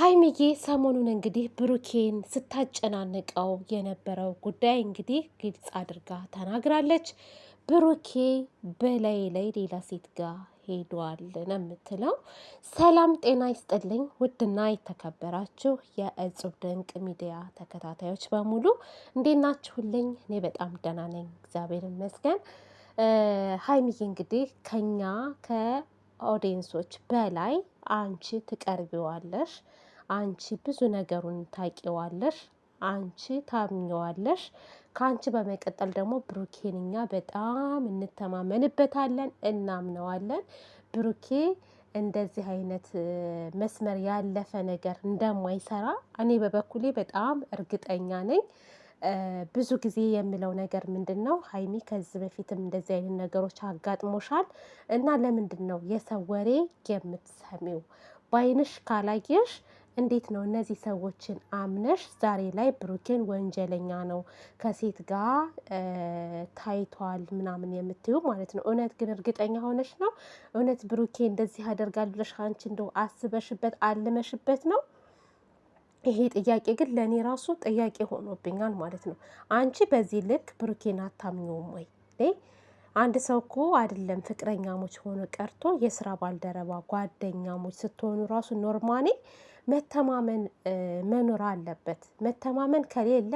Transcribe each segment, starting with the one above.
ሀይሚዬ ሰሞኑን እንግዲህ ብሩኬን ስታጨናንቀው የነበረው ጉዳይ እንግዲህ ግልጽ አድርጋ ተናግራለች። ብሩኬ በላይ ላይ ሌላ ሴት ጋር ሄዷል ነው የምትለው። ሰላም ጤና ይስጥልኝ ውድና የተከበራችሁ የእጹብ ድንቅ ሚዲያ ተከታታዮች በሙሉ እንዴት ናችሁልኝ? እኔ በጣም ደህና ነኝ፣ እግዚአብሔር ይመስገን። ሀይሚዬ እንግዲህ ከኛ ከ ኦዲንሶች በላይ አንቺ ትቀርቢዋለሽ፣ አንቺ ብዙ ነገሩን ታቂዋለሽ፣ አንቺ ታምኘዋለሽ። ከአንቺ በመቀጠል ደግሞ ብሩኬን እኛ በጣም እንተማመንበታለን፣ እናምነዋለን። ብሩኬ እንደዚህ አይነት መስመር ያለፈ ነገር እንደማይሰራ እኔ በበኩሌ በጣም እርግጠኛ ነኝ። ብዙ ጊዜ የምለው ነገር ምንድን ነው ሀይሚ ከዚህ በፊትም እንደዚህ አይነት ነገሮች አጋጥሞሻል እና ለምንድን ነው የሰው ወሬ የምትሰሚው? በአይንሽ ካላየሽ እንዴት ነው እነዚህ ሰዎችን አምነሽ ዛሬ ላይ ብሩኬን ወንጀለኛ ነው ከሴት ጋር ታይቷል ምናምን የምትዩ ማለት ነው? እውነት ግን እርግጠኛ ሆነሽ ነው? እውነት ብሩኬ እንደዚህ ያደርጋል ብለሽ አንቺ እንደው አስበሽበት አልመሽበት ነው? ይሄ ጥያቄ ግን ለእኔ ራሱ ጥያቄ ሆኖብኛል ማለት ነው። አንቺ በዚህ ልክ ብሩኬን አታምኘውም ወይ? አንድ ሰው እኮ አይደለም ፍቅረኛሞች ሆኖ ቀርቶ የስራ ባልደረባ ጓደኛሞች ስትሆኑ ራሱ ኖርማኔ መተማመን መኖር አለበት። መተማመን ከሌለ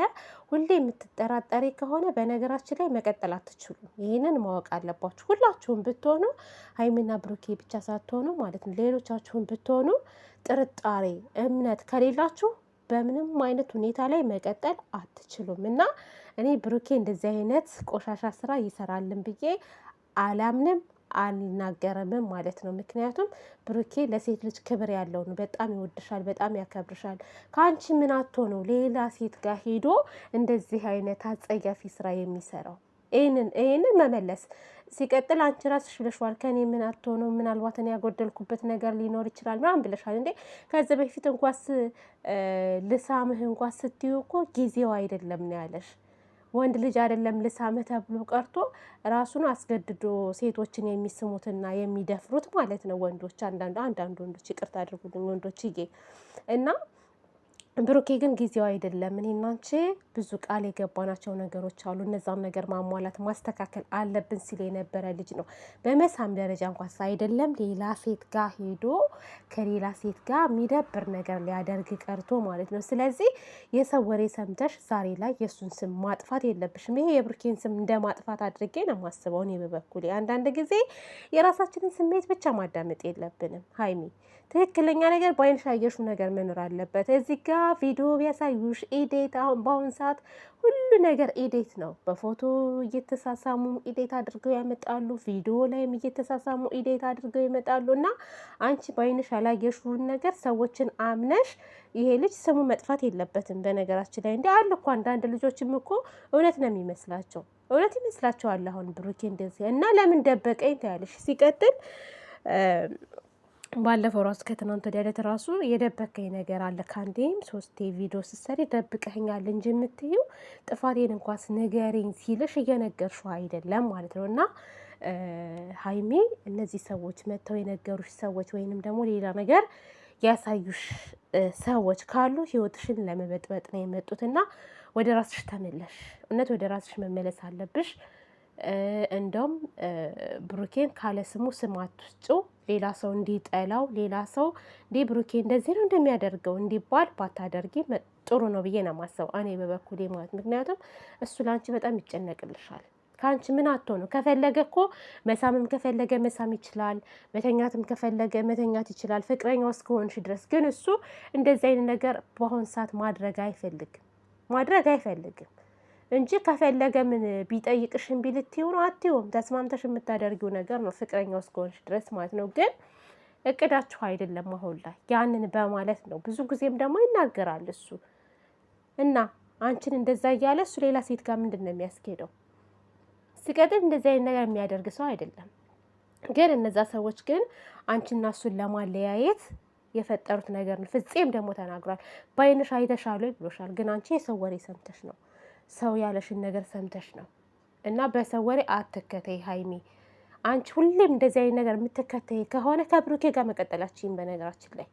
ሁሌ የምትጠራጠሪ ከሆነ በነገራችን ላይ መቀጠል አትችሉም። ይህንን ማወቅ አለባችሁ። ሁላችሁም ብትሆኑ ሀይሚና ብሩኬ ብቻ ሳትሆኑ ማለት ነው ሌሎቻችሁም ብትሆኑ ጥርጣሬ፣ እምነት ከሌላችሁ በምንም አይነት ሁኔታ ላይ መቀጠል አትችሉም እና እኔ ብሩኬ እንደዚህ አይነት ቆሻሻ ስራ ይሰራልን ብዬ አላምንም አልናገረምም ማለት ነው። ምክንያቱም ብሩኬ ለሴት ልጅ ክብር ያለው ነው። በጣም ይወድሻል፣ በጣም ያከብርሻል። ከአንቺ ምን አቶ ነው ሌላ ሴት ጋር ሄዶ እንደዚህ አይነት አጸያፊ ስራ የሚሰራው? ይህንን መመለስ ሲቀጥል አንቺ ራስሽ ብለሽዋል። ከኔ ምን አትሆኑ ምናልባት እኔ ያጎደልኩበት ነገር ሊኖር ይችላል ምናምን ብለሻል። እንዴ ከዚህ በፊት እንኳስ ልሳምህ እንኳስ ስትዩ እኮ ጊዜው አይደለም ነው ያለሽ። ወንድ ልጅ አይደለም ልሳምህ ተብሎ ቀርቶ ራሱን አስገድዶ ሴቶችን የሚስሙትና የሚደፍሩት ማለት ነው ወንዶች። አንዳንዱ አንዳንድ ወንዶች ይቅርታ አድርጉልኝ ወንዶች እና ብሩኬ ግን ጊዜው አይደለም። እኔ እና ብዙ ቃል የገባናቸው ነገሮች አሉ። እነዛን ነገር ማሟላት ማስተካከል አለብን ሲል የነበረ ልጅ ነው። በመሳም ደረጃ እንኳስ አይደለም ሌላ ሴት ጋር ሄዶ ከሌላ ሴት ጋር የሚደብር ነገር ሊያደርግ ቀርቶ ማለት ነው። ስለዚህ የሰው ወሬ ሰምተሽ ዛሬ ላይ የእሱን ስም ማጥፋት የለብሽም። ይሄ የብሩኬን ስም እንደ ማጥፋት አድርጌ ነው የማስበው እኔ በበኩሌ። አንዳንድ ጊዜ የራሳችንን ስሜት ብቻ ማዳመጥ የለብንም። ሀይሚ ትክክለኛ ነገር በአይንሽ ያየሽው ነገር መኖር አለበት እዚህ ጋር ሌላ ቪዲዮ ቢያሳዩሽ ኢዴት አሁን በአሁን ሰዓት ሁሉ ነገር ኢዴት ነው። በፎቶ እየተሳሳሙ ኢዴት አድርገው ያመጣሉ። ቪዲዮ ላይም እየተሳሳሙ ኢዴት አድርገው ይመጣሉ። እና አንቺ በአይንሽ ያላየሽውን ነገር ሰዎችን አምነሽ ይሄ ልጅ ስሙ መጥፋት የለበትም። በነገራችን ላይ እንዲ አሉ እኮ አንዳንድ ልጆችም እኮ እውነት ነው የሚመስላቸው። እውነት ይመስላቸዋል። አሁን ብሩኬ እንደዚህ እና ለምን ደበቀኝ ትያለሽ። ሲቀጥል ባለፈው ራሱ ከትናንት ወዲያ ዕለት ራሱ የደበከኝ ነገር አለ። ከአንዴም ሶስቴ ቪዲዮ ስትሰሪ ደብቀኸኛል እንጂ የምትይው ጥፋቴን እንኳስ ንገሪኝ ሲልሽ እየነገርሽው አይደለም ማለት ነው። እና ሀይሜ እነዚህ ሰዎች መጥተው የነገሩሽ ሰዎች ወይንም ደግሞ ሌላ ነገር ያሳዩሽ ሰዎች ካሉ ህይወትሽን ለመበጥበጥ ነው የመጡትና ወደ ራስሽ ተመለሽ። እውነት ወደ ራስሽ መመለስ አለብሽ። እንደውም ብሩኬን ካለ ስሙ ስም አትስጪው፣ ሌላ ሰው እንዲጠላው፣ ሌላ ሰው እንዴ ብሩኬ እንደዚህ ነው እንደሚያደርገው እንዲባል ባታደርጊ ጥሩ ነው ብዬ ነው የማስበው እኔ በበኩሌ ማለት። ምክንያቱም እሱ ለአንቺ በጣም ይጨነቅልሻል። ከአንቺ ምን አቶ ነው? ከፈለገ እኮ መሳምም ከፈለገ መሳም ይችላል፣ መተኛትም ከፈለገ መተኛት ይችላል። ፍቅረኛው እስከሆንሽ ድረስ ግን እሱ እንደዚህ አይነት ነገር በአሁን ሰዓት ማድረግ አይፈልግም ማድረግ አይፈልግም። እንጂ ከፈለገ ምን ቢጠይቅሽን እምቢ ነው? ተስማምተሽ የምታደርጊው ነገር ነው፣ ፍቅረኛው እስከሆንሽ ድረስ ማለት ነው። ግን እቅዳችሁ አይደለም አሁን ላይ ያንን በማለት ነው። ብዙ ጊዜም ደግሞ ይናገራል እሱ እና አንቺን እንደዛ እያለ እሱ ሌላ ሴት ጋር ምንድን ነው የሚያስኬደው? ሲቀጥል እንደዚህ አይነት ነገር የሚያደርግ ሰው አይደለም። ግን እነዛ ሰዎች ግን አንቺና እሱን ለማለያየት የፈጠሩት ነገር ነው። ፍጼም ደግሞ ተናግሯል። በአይንሽ አይተሻል ብሎሻል። ግን አንቺ የሰው ወሬ ሰምተሽ ነው ሰው ያለሽን ነገር ሰምተሽ ነው። እና በሰው ወሬ አትከተይ ሀይሚ። አንቺ ሁሌም እንደዚህ አይነት ነገር የምትከተይ ከሆነ ከብሩኬ ጋር መቀጠላችን። በነገራችን ላይ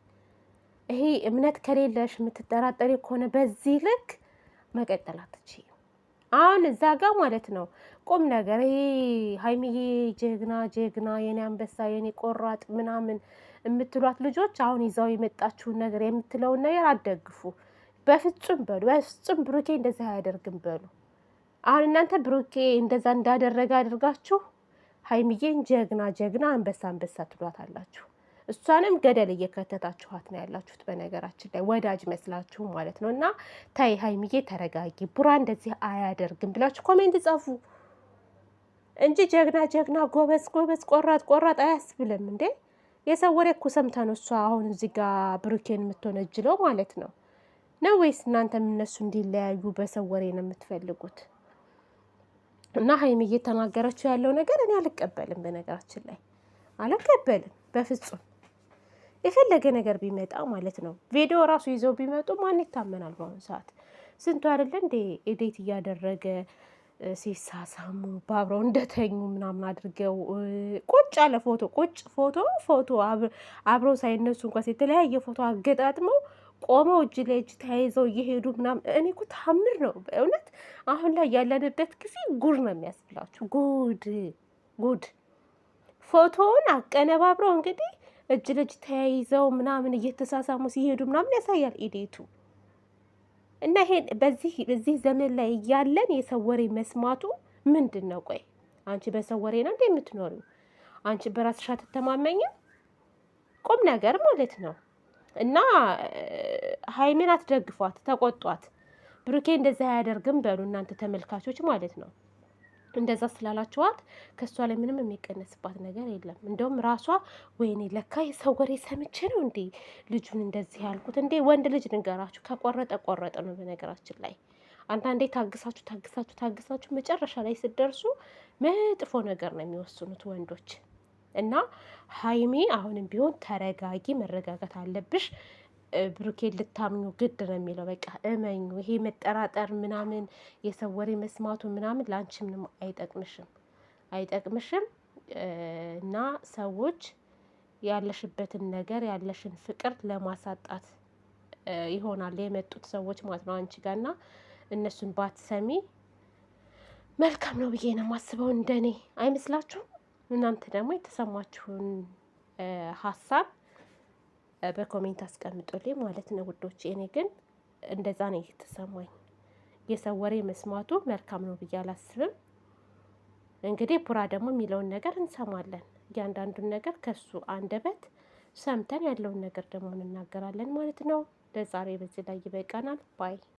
ይሄ እምነት ከሌለሽ የምትጠራጠሪ ከሆነ በዚህ ልክ መቀጠል አሁን እዛ ጋር ማለት ነው ቁም ነገር ይሄ ሀይሚዬ ጀግና ጀግና፣ የኔ አንበሳ፣ የኔ ቆራጥ ምናምን የምትሏት ልጆች አሁን ይዛው የመጣችውን ነገር የምትለውን ነገር አትደግፉ። በፍጹም በሉ፣ በፍጹም ብሩኬ እንደዛ አያደርግም በሉ። አሁን እናንተ ብሩኬ እንደዛ እንዳደረገ አድርጋችሁ ሀይሚዬን ጀግና ጀግና አንበሳ አንበሳ ትሏት አላችሁ። እሷንም ገደል እየከተታችኋት ነው ያላችሁት። በነገራችን ላይ ወዳጅ መስላችሁ ማለት ነው። እና ታይ ሀይሚዬ ተረጋጊ፣ ቡራ እንደዚህ አያደርግም ብላችሁ ኮሜንት ጻፉ እንጂ ጀግና ጀግና፣ ጎበዝ ጎበዝ፣ ቆራጥ ቆራጥ አያስብልም እንዴ። የሰው ወሬ እኮ ሰምተን እሷ አሁን እዚህ ጋር ብሩኬን የምትሆነጅለው ማለት ነው። ነው ወይስ እናንተም እነሱ እንዲለያዩ በሰው ወሬ ነው የምትፈልጉት? እና ሀይሚ እየተናገረችው ያለው ነገር እኔ አልቀበልም። በነገራችን ላይ አልቀበልም በፍጹም የፈለገ ነገር ቢመጣ ማለት ነው። ቪዲዮ ራሱ ይዘው ቢመጡ ማን ይታመናል? በአሁኑ ሰዓት ስንቱ አይደለ እንዴ ኤዴት እያደረገ ሲሳሳሙ በአብረው እንደተኙ ምናምን አድርገው ቁጭ አለ ፎቶ ቁጭ ፎቶ ፎቶ አብረው ሳይነሱ እንኳን የተለያየ ፎቶ አገጣጥመው ቆመው እጅ ለእጅ ተያይዘው እየሄዱ ምናምን እኔ እኮ ታምር ነው በእውነት። አሁን ላይ ያለንበት ጊዜ ጉድ ነው የሚያስብላችሁ። ጉድ ጉድ ፎቶውን አቀነባብረው እንግዲህ እጅ ለእጅ ተያይዘው ምናምን እየተሳሳሙ ሲሄዱ ምናምን ያሳያል ኢዴቱ እና ይሄን በዚህ በዚህ ዘመን ላይ እያለን የሰው ወሬ መስማቱ ምንድን ነው? ቆይ አንቺ በሰው ወሬ ነው የምትኖሪው? አንቺ በራስሽ አትተማመኝም? ቁም ነገር ማለት ነው እና ሀይሜን አትደግፏት፣ ተቆጧት። ብሩኬ እንደዛ አያደርግም በሉ እናንተ ተመልካቾች ማለት ነው። እንደዛ ስላላችኋት ከእሷ ላይ ምንም የሚቀነስባት ነገር የለም። እንደውም ራሷ ወይኔ ለካ የሰው ወሬ ሰምቼ ነው እንዴ ልጁን እንደዚህ ያልኩት እንዴ። ወንድ ልጅ ንገራችሁ ከቆረጠ ቆረጠ ነው። በነገራችን ላይ አንዳንዴ ታግሳችሁ ታግሳችሁ ታግሳችሁ መጨረሻ ላይ ስደርሱ መጥፎ ነገር ነው የሚወስኑት ወንዶች እና ሀይሜ አሁንም ቢሆን ተረጋጊ፣ መረጋጋት አለብሽ። ብሩኬን ልታምኙ ግድ ነው የሚለው። በቃ እመኙ። ይሄ መጠራጠር ምናምን የሰው ወሬ መስማቱ ምናምን ለአንቺ ምንም አይጠቅምሽም አይጠቅምሽም። እና ሰዎች ያለሽበትን ነገር ያለሽን ፍቅር ለማሳጣት ይሆናል የመጡት ሰዎች ማለት ነው አንቺ ጋር እና እነሱን ባትሰሚ መልካም ነው ብዬ ነው የማስበው። እንደኔ አይመስላችሁም? እናንተ ደግሞ የተሰማችሁን ሀሳብ በኮሜንት አስቀምጡልኝ ማለት ነው ውዶች። እኔ ግን እንደዛ ነው የተሰማኝ። የሰው ወሬ መስማቱ መልካም ነው ብዬ አላስብም። እንግዲህ ቡራ ደግሞ የሚለውን ነገር እንሰማለን። እያንዳንዱን ነገር ከሱ አንደበት ሰምተን ያለውን ነገር ደግሞ እንናገራለን ማለት ነው። ለዛሬ በዚህ ላይ ይበቃናል ባይ